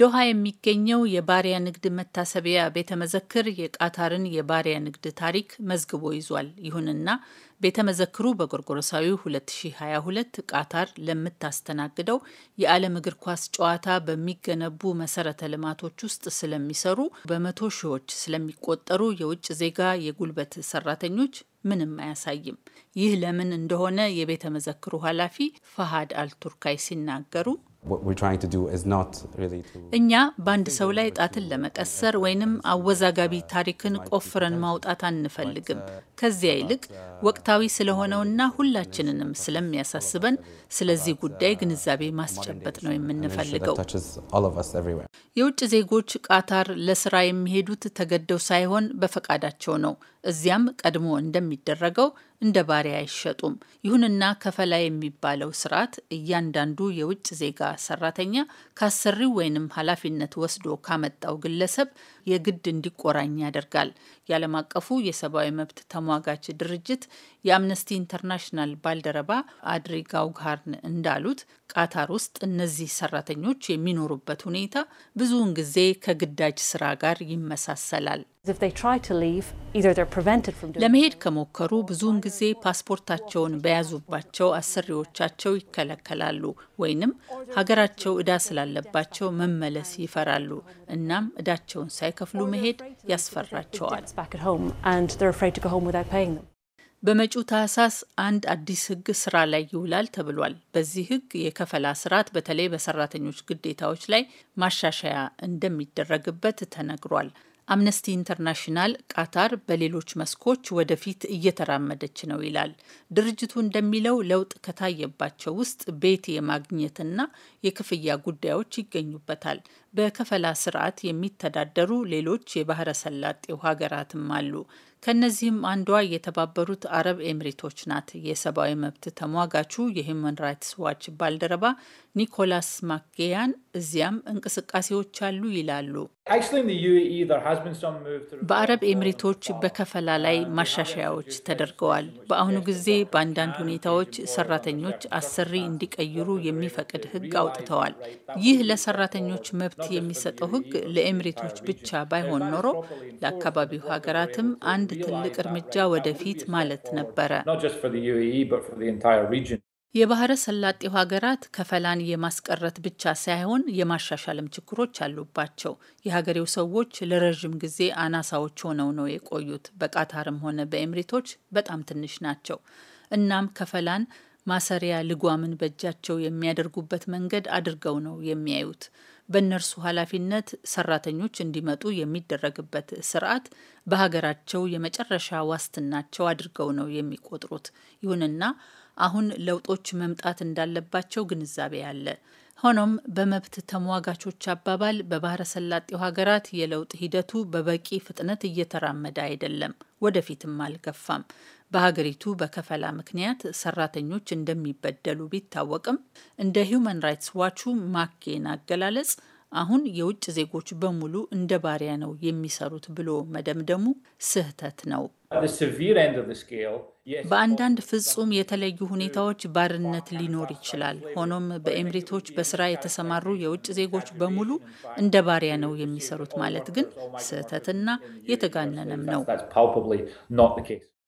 ዶሃ የሚገኘው የባሪያ ንግድ መታሰቢያ ቤተ መዘክር የቃታርን የባሪያ ንግድ ታሪክ መዝግቦ ይዟል። ይሁንና ቤተ መዘክሩ በጎርጎረሳዊ 2022 ቃታር ለምታስተናግደው የዓለም እግር ኳስ ጨዋታ በሚገነቡ መሰረተ ልማቶች ውስጥ ስለሚሰሩ በመቶ ሺዎች ስለሚቆጠሩ የውጭ ዜጋ የጉልበት ሰራተኞች ምንም አያሳይም። ይህ ለምን እንደሆነ የቤተ መዘክሩ ኃላፊ ፈሃድ አልቱርካይ ሲናገሩ እኛ በአንድ ሰው ላይ ጣትን ለመቀሰር ወይንም አወዛጋቢ ታሪክን ቆፍረን ማውጣት uh, አንፈልግም። ከዚያ ይልቅ uh, ወቅታዊ uh, ስለሆነውና ሁላችንንም ስለሚያሳስበን ስለዚህ ጉዳይ ግንዛቤ ማስጨበጥ ነው የምንፈልገው። የውጭ ዜጎች ቃታር ለስራ የሚሄዱት ተገደው ሳይሆን በፈቃዳቸው ነው። እዚያም ቀድሞ እንደሚደረገው እንደ ባሪያ አይሸጡም። ይሁንና ከፈላ የሚባለው ስርዓት እያንዳንዱ የውጭ ዜጋ ሰራተኛ ከአሰሪው ወይንም ኃላፊነት ወስዶ ካመጣው ግለሰብ የግድ እንዲቆራኝ ያደርጋል። የዓለም አቀፉ የሰብአዊ መብት ተሟጋች ድርጅት የአምነስቲ ኢንተርናሽናል ባልደረባ አድሪ ጋውግሃርን እንዳሉት ቃታር ውስጥ እነዚህ ሰራተኞች የሚኖሩበት ሁኔታ ብዙውን ጊዜ ከግዳጅ ስራ ጋር ይመሳሰላል። ለመሄድ ከሞከሩ ብዙውን ጊዜ ፓስፖርታቸውን በያዙባቸው አሰሪዎቻቸው ይከለከላሉ ወይንም ሀገራቸው እዳ ስላለባቸው መመለስ ይፈራሉ። እናም እዳቸውን ሳይከፍሉ መሄድ ያስፈራቸዋል። በመጪው ታህሳስ አንድ አዲስ ህግ ስራ ላይ ይውላል ተብሏል። በዚህ ህግ የከፈላ ስርዓት በተለይ በሰራተኞች ግዴታዎች ላይ ማሻሻያ እንደሚደረግበት ተነግሯል። አምነስቲ ኢንተርናሽናል ቃታር በሌሎች መስኮች ወደፊት እየተራመደች ነው ይላል። ድርጅቱ እንደሚለው ለውጥ ከታየባቸው ውስጥ ቤት የማግኘትና የክፍያ ጉዳዮች ይገኙበታል። በከፈላ ስርዓት የሚተዳደሩ ሌሎች የባህረ ሰላጤው ሀገራትም አሉ። ከነዚህም አንዷ የተባበሩት አረብ ኤምሬቶች ናት። የሰብአዊ መብት ተሟጋቹ የሂዩማን ራይትስ ዋች ባልደረባ ኒኮላስ ማክጌያን እዚያም እንቅስቃሴዎች አሉ ይላሉ። e, በአረብ ኤምሬቶች በከፈላ ላይ ማሻሻያዎች ተደርገዋል። በአሁኑ ጊዜ በአንዳንድ ሁኔታዎች ሰራተኞች አሰሪ እንዲቀይሩ የሚፈቅድ ሕግ አውጥተዋል። ይህ ለሰራተኞች መብት መብት የሚሰጠው ህግ ለኤምሬቶች ብቻ ባይሆን ኖሮ ለአካባቢው ሀገራትም አንድ ትልቅ እርምጃ ወደፊት ማለት ነበረ። e, የባህረ ሰላጤው ሀገራት ከፈላን የማስቀረት ብቻ ሳይሆን የማሻሻልም ችግሮች አሉባቸው። የሀገሬው ሰዎች ለረዥም ጊዜ አናሳዎች ሆነው ነው የቆዩት። በቃታርም ሆነ በኤምሬቶች በጣም ትንሽ ናቸው። እናም ከፈላን ማሰሪያ ልጓምን በእጃቸው የሚያደርጉበት መንገድ አድርገው ነው የሚያዩት። በእነርሱ ኃላፊነት ሰራተኞች እንዲመጡ የሚደረግበት ስርዓት በሀገራቸው የመጨረሻ ዋስትናቸው አድርገው ነው የሚቆጥሩት። ይሁንና አሁን ለውጦች መምጣት እንዳለባቸው ግንዛቤ አለ። ሆኖም በመብት ተሟጋቾች አባባል በባህረ ሰላጤው ሀገራት የለውጥ ሂደቱ በበቂ ፍጥነት እየተራመደ አይደለም፣ ወደፊትም አልገፋም። በሀገሪቱ በከፈላ ምክንያት ሰራተኞች እንደሚበደሉ ቢታወቅም እንደ ሂዩማን ራይትስ ዋቹ ማኬን አገላለጽ አሁን የውጭ ዜጎች በሙሉ እንደ ባሪያ ነው የሚሰሩት ብሎ መደምደሙ ስህተት ነው። በአንዳንድ ፍጹም የተለዩ ሁኔታዎች ባርነት ሊኖር ይችላል። ሆኖም በኤምሬቶች በስራ የተሰማሩ የውጭ ዜጎች በሙሉ እንደ ባሪያ ነው የሚሰሩት ማለት ግን ስህተትና የተጋነነም ነው።